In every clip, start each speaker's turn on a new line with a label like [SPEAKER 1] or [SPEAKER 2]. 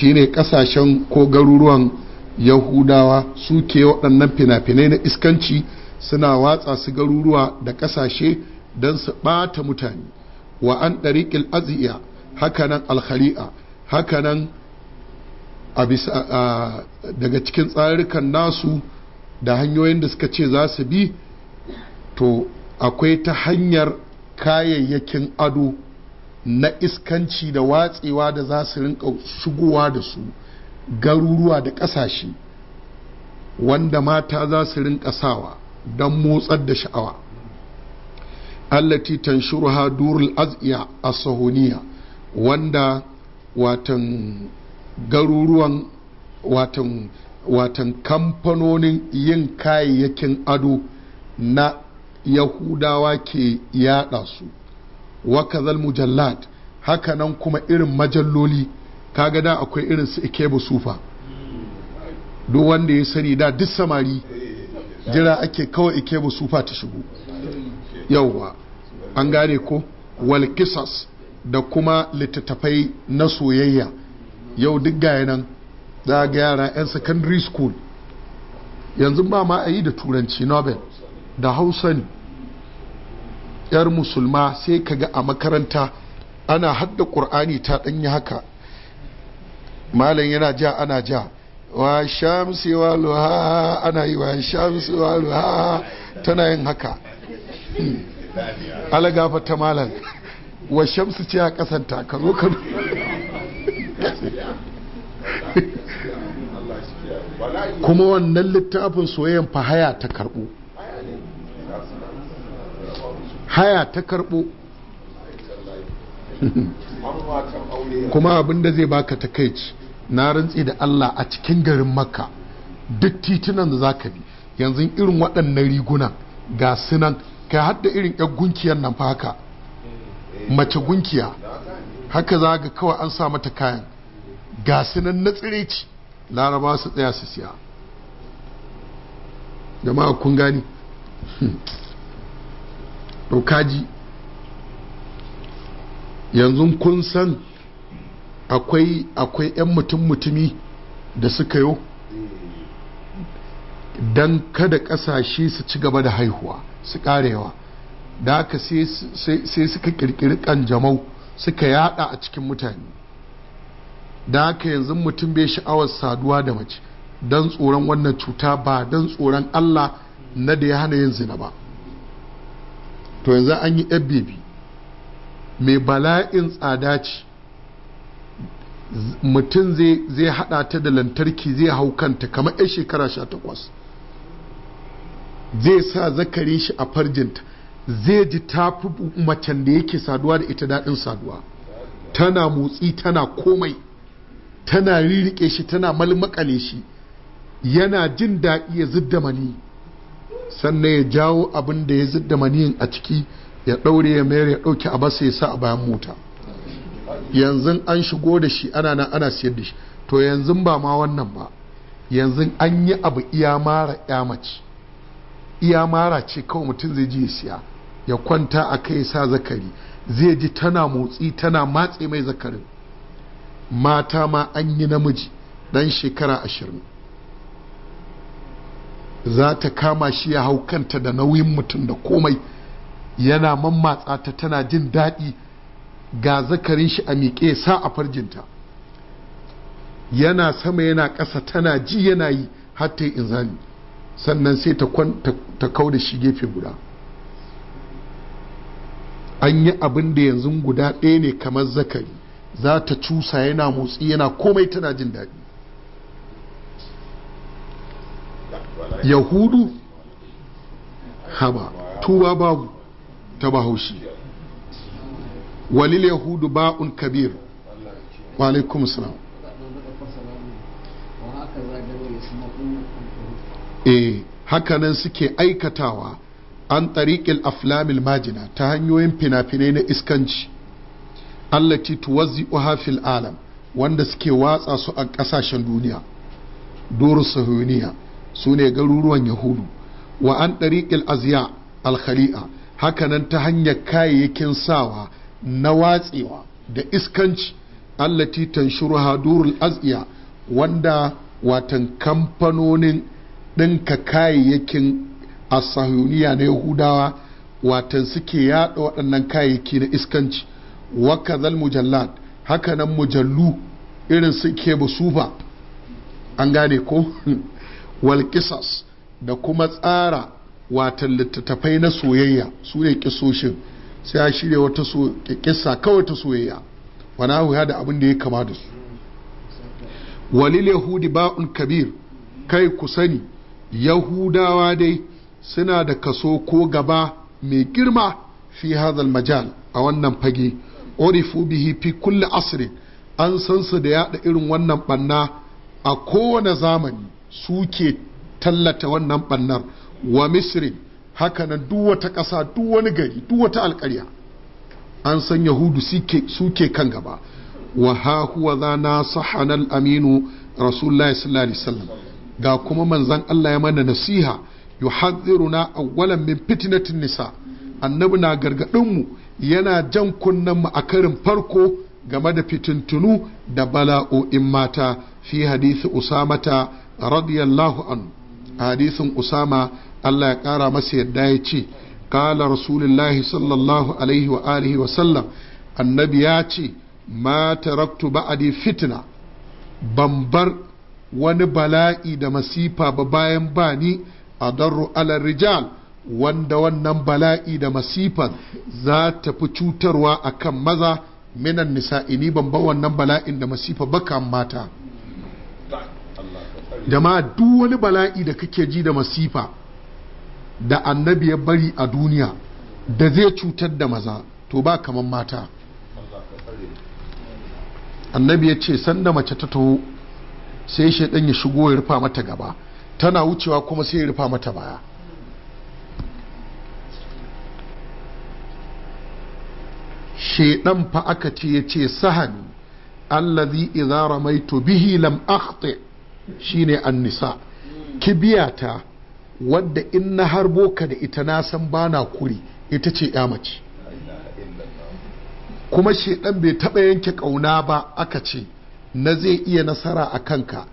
[SPEAKER 1] shine kasashen ko garuruwan yahudawa su ke waɗannan fina-finai na iskanci suna watsa su garuruwa da kasashe don su ɓata mutane wa an ɗariƙil aziya hakanan alkhali'a hakanan a bisa daga cikin tsarikan nasu da hanyoyin da suka ce za su bi to akwai ta hanyar kayayyakin ado na iskanci da watsewa da za su rinka shigowa da su garuruwa da ƙasashe wanda mata za su rinka sawa don motsar da sha'awa allati tanshuruha durul az'iya a sahuniya wanda watan garuruwan watan watan kamfanonin yin kayayyakin ado na yahudawa ke yada su wa kazal mujallad haka nan kuma irin majalloli kaga da akwai irin su ikebu sufa duk wanda ya sani da duk samari jira ake kawai ikebu sufa ta shigo yauwa an gane ko wal kisas da kuma littattafai na soyayya yau duk gaya nan za ga yara 'yan secondary school yanzu ba ma a yi da turanci nobel da hausa ne yar musulma sai kaga a makaranta ana hadda qur'ani ta danya haka malam yana ja ana ja wa shamsi wa luha ana yi wa shamsi wa luha tana yin haka ala gafa ta malam wa shamsu ce a kasanta ka zo ka kuma wannan littafin soyayyen fahaya ta karɓo. haya ta karbo kuma abin da zai baka takaici na rantsi da Allah a cikin garin makka duk titunan da zaka bi yanzu irin waɗannan riguna ga sunan kai hadda irin yan gunkiyar nan fa haka mace gunkiya haka za ga kawai an sa mata kayan ga sunan na tsire ci laraba su tsaya su siya jama'a kun gani rukaji yanzu kun san akwai akwai 'yan mutum mutumi da suka yi don kada kasashe su ci gaba da haihuwa su karewa da aka sai suka kirkiri ƙanjamau suka yada a cikin mutane da aka yanzu mutum bai sha'awar saduwa da mace dan tsoron wannan cuta ba dan tsoron allah na da ya hana yin zina ba to yanzu an yi fbb mai bala'in tsada ce mutum zai hada ta da lantarki zai hau kanta kamar 'yan shekara 18 zai sa zakarin shi a farjinta zai ji tafi macen da yake saduwa da ita daɗin saduwa tana motsi tana komai tana ririke shi tana malmakale shi yana jin daɗi ya zidda mani sannan ya jawo abin da ya zidda maniyin a ciki ya ɗaure ya mayar ya ɗauki a basa ya sa a bayan mota yanzu an shigo da shi ana nan ana siyar da shi to yanzu ba ma wannan ba yanzu an yi abu iya mara ya mace iya mara ce kawai mutum zai ji ya siya ya kwanta a kai sa zakari zai ji tana motsi tana matse mai zakarin mata ma an yi namiji ɗan shekara ashirin za ta kama shi ya hau kanta da nauyin mutum da komai yana mammatsa ta tana jin daɗi ga zakarin shi a miƙe sa a farjinta yana sama yana ƙasa tana ji yana yi har ta yi inzali sannan sai ta kau da shi gefe guda an yi abin da yanzu guda ɗaya ne kamar zakari za ta cusa yana motsi yana komai tana jin daɗi yahudu haba tuba babu ta bahaushe walil yahudu ba'un kabir wa alaikum salam eh hakanan suke aikatawa an tariƙil aflamil majina ta hanyoyin fina-finai na iskanci allati tuwazzi fil alam wanda suke watsa su a ƙasashen duniya duru su ne garuruwan yahudu wa an ɗariƙil aziya alkhali'a hakanan ta hanyar kayayyakin sawa na watsewa da iskanci allati tanshuru hadurul aziya wanda watan kamfanonin ɗinka kayayyakin asahuniya na yahudawa watan suke yaɗa waɗannan kayayyaki na iskanci wakazal mujallad hakanan mujallu irin suke ba an gane ko wal da kuma tsara watan littattafai na soyayya su ne kisoshin sai ya shirya wata kisa kawai ta soyayya wana huya da abin da ya kama da su walil yahudi ba'un kabir kai ku sani yahudawa dai suna da kaso ko gaba mai girma fi hadal majal a wannan fage orifu bihi fi kulli asrin an san su da yada irin wannan banna a kowane zamani suke tallata wannan bannar wa misri haka nan duk wata ƙasa duk wani gari duk wata alƙarya an san yahudu suke kan gaba wa ha za na sahanar aminu rasulullah sallallahu alaihi wasallam ga kuma manzan Allah ya mana nasiha hadziru na awwalan min fitnatin nisa annabi na gargaɗinmu yana jan kunnen mu a karin farko game da fitintunu da bala'o'in mata fi hadisi usamata radiyallahu an hadisin usama Allah ya kara masa yadda ya ce kala rasulullahi sallallahu alaihi wa alihi wa sallam annabi ya ce ma taraktu ba'adi fitna ban bar wani bala'i da masifa ba bayan bani a darru alar rijal wanda wannan bala'i da masifa za ta fi cutarwa akan maza minan nisa'ini ban ba wannan bala'in da masifa kan mata ma duk wani bala'i da kake ji da masifa da annabi ya bari a duniya da zai cutar da maza to ba kamar mata annabi ya ce sanda mace ta taho sai shaidan ya shigo ya rufa mata gaba tana wucewa kuma sai ya rufa mata baya shaidan fa aka ce yace ce allazi idza ramaitu bihi lam akhti' shine annisa kibiyata wadda in na harbo ka da ita na san bana kuri ita ce ya mace kuma shedan bai taba yanke kauna ba aka ce na zai iya nasara a kanka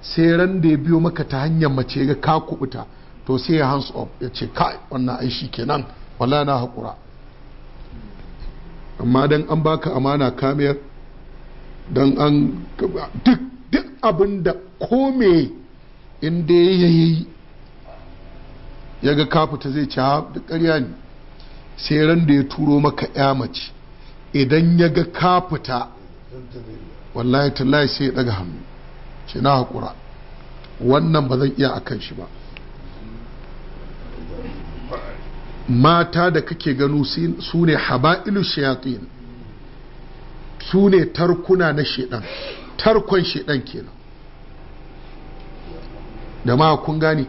[SPEAKER 1] sai ran da ya biyo maka ta hanyar mace ga ka kubuta to sai ya hands up ya ce kai wannan ai shi kenan wala na hakura. amma dan an baka amana kamiyar dan an duk duk abin da kome inda ya yi ya ga kafuta zai ci duk ƙarya ne sai ran da ya turo maka ya mace idan ya ga kafuta wallahi tallahi sai ya daga hannu ce na haƙura wannan ba zan iya a kan shi ba mata da kake gano su ne haba'ilu shayatin su ne tarkuna na shaidan tarkon shedan kenan da ma kun gane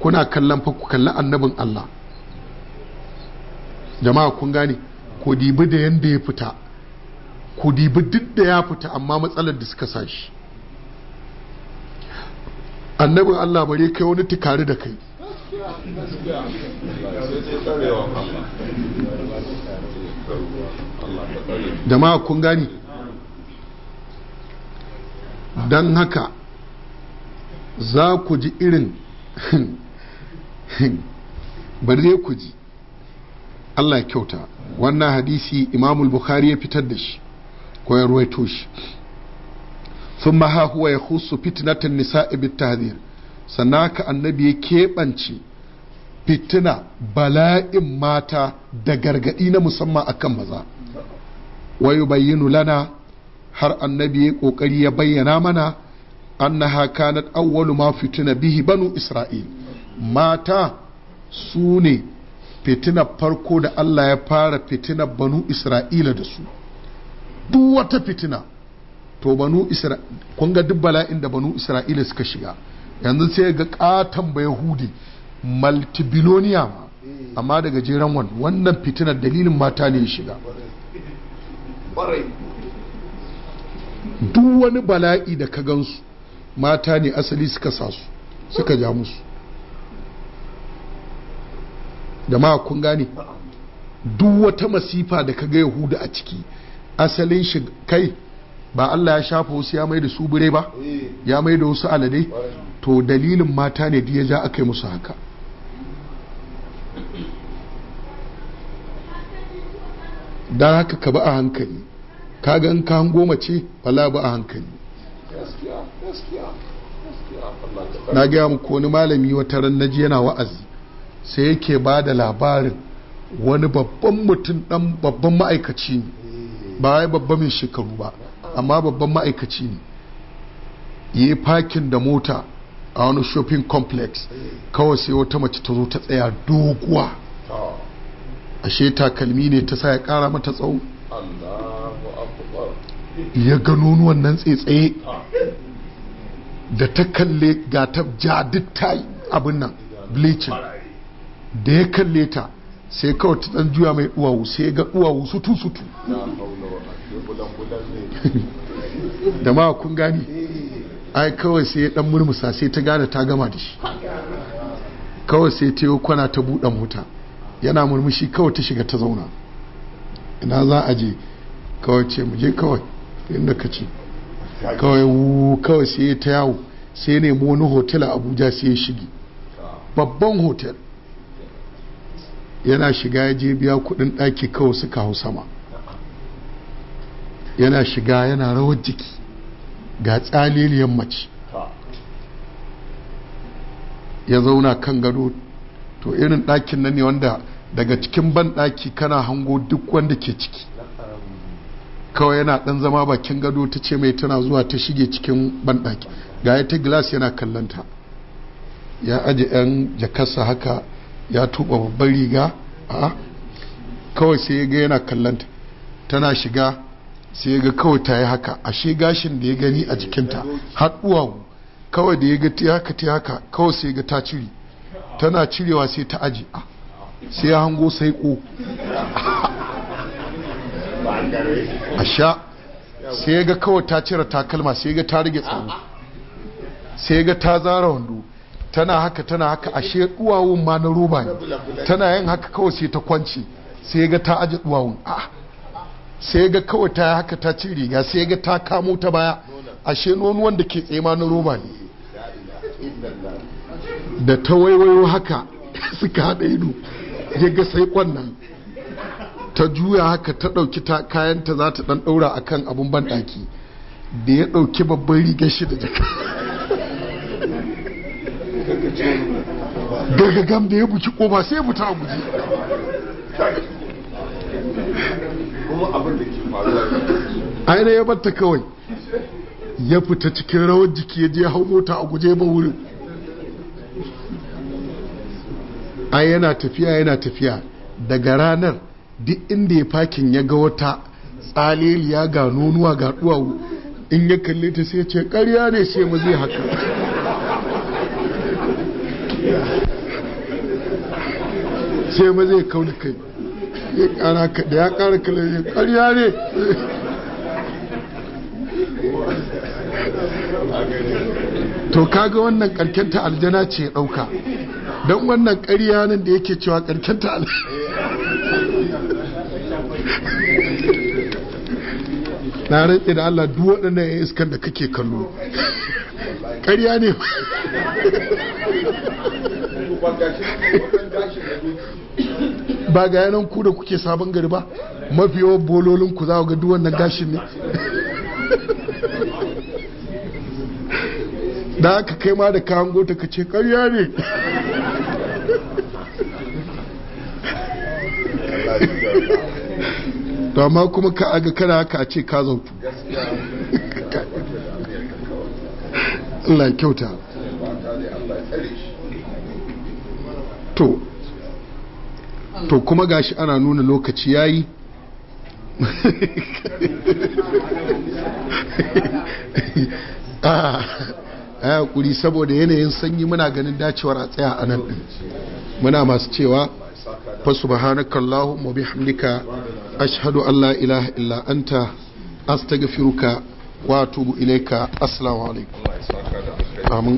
[SPEAKER 1] kuna kallon fa ku kalli annabin Allah jama'a kun gane ku dibi da yanda ya fita ku dibi duk da ya fita amma matsalar da suka sashi annabin Allah bare kai wani tukari da kai jama'a kun gane don haka za ku ji irin bari ku ji Allah ya kyauta wannan hadisi imamul bukhari ya fitar da shi ko ya ruwaito shi sun ha huwa ya husu fitnatan nisa'i bitahdir sannan ka annabi ya keɓance fitina bala'in mata da gargaɗi na musamman akan maza wayo bayyinu lana har annabi ya kokari ya bayyana mana annaha kanat awwalu ma fitina bihi banu isra'il mata su ne fitina farko da Allah ya fara fitina banu isra'ila da su duk wata fitina to banu isra'ila kun ga duk bala'in da banu isra'ila suka shiga yanzu sai ga katon ba yahudi multibilonia ma amma daga jeren wannan wannan fitinar dalilin mata ne ya shiga duk wani bala'i da ka gansu mata ne asali suka sa su suka ja musu da ma kun gane duk wata masifa da ka ga yahuda a ciki asalin shi kai ba Allah ya shafa wasu ya mai da su bire ba ya mai da wasu alade to dalilin mata ne da ya ja aka yi musu haka don haka ka bi a hankali kaga in ka hango mace bala ba a hankali na gaya mu ko wani malami wata ran naji yana wa'azi sai yake ba da labarin wani babban mutum dan babban ma'aikaci ne ba ya babban mai shekaru ba amma babban ma'aikaci ne yi fakin da mota a wani shopping complex kawai sai wata mace ta zo ta tsaya doguwa ah. ashe takalmi ne ta sa ya kara mata tsawo ya ga nonuwan nan tsaye da ta kalle ga ta ja duk ta abin nan bleaching da ya kalle ta sai kawai ta dan juya mai duwawu sai ga duwawu sutu sutu da ma kun gani ai kawai sai ya dan murmusa sai ta gane ta gama da shi kawai sai ta yi kwana ta buɗe mota yana murmushi kawai ta shiga ta zauna ina za a je kawai ce mu je kawai inda ka ce kawai kawai sai ta yawo sai ya nemi wani hotel a abuja sai ya shige babban hotel yana shiga ya je biya kudin ɗaki kawai suka hau sama yana shiga yana rawar jiki ga tsaliliyar yammaci ya zauna kan gado to irin ɗakin nan ne wanda daga cikin ban ɗaki kana hango duk wanda ke ciki kawai yana dan zama bakin gado ta ce mai tana zuwa ta shige cikin banɗaki ga ya ta glass yana kallanta ya aje yan jakarsa haka ya tuba babban riga a kawai sai ya ga yana kallanta tana shiga sai ya ga kawai ta yi haka ashe gashin da ya gani a jikinta har kawai da ya ga ta haka ta haka kawai sai ya ga ta cire tana cirewa sai ta aji ah, sai ya hango sai ko a sha sai ga kawai ta cire takalma sai ga ta rage tsaro sai ga ta zara wando tana haka tana haka ashe duwawun ma na roba ne tana yin haka kawai sai ta kwanci sai ga ta aje duwawun a sai ga kawai ta haka ta ci riga sai ga ta kamo ta baya ashe nonu wanda ke ma na roba ne da ta waiwayo haka suka haɗa ido ya ga sai kwannan ta juya haka ta ɗauki kayanta za ta ɗan ɗaura a kan abin banɗaki da ya ɗauki babban rigar shi da jaka gargagam da ya buki ƙoba sai ya fita a guji ya batta kawai ya fita cikin rawar jiki ya je hau mota a guje ba wurin A yana tafiya yana tafiya daga ranar duk inda ya fakin ya ga wata tsaleliya ga nonuwa ga duwawu in ya kalle ta sai ce karya ne sai mu zai haka sai mu zai kauni kai da ya ƙara kalle ya karya ne to kaga wannan ƙarkenta aljana ce ya don wannan ƙarya nan da yake cewa ƙarkenta aljana na rantse da Allah duk waɗannan yan iskan da kake kallo ƙarya ne ba ga yanan ku da kuke sabon gari ba mafi yawan bololin ku za ga duk wannan gashin ne da aka kai ma da kayan gota ka ce ƙarya ne to amma kuma ka aga kana haka a ce ka zautu Allah kyauta to to kuma gashi ana nuna lokaci yayi a ah, hakuri saboda yanayin sanyi muna ganin dacewar a tsaya a nan muna masu cewa fa subhanaka allahumma bihamdika ashhadu an la ilaha illa anta astaghfiruka wa atubu ilayka assalamu alaikum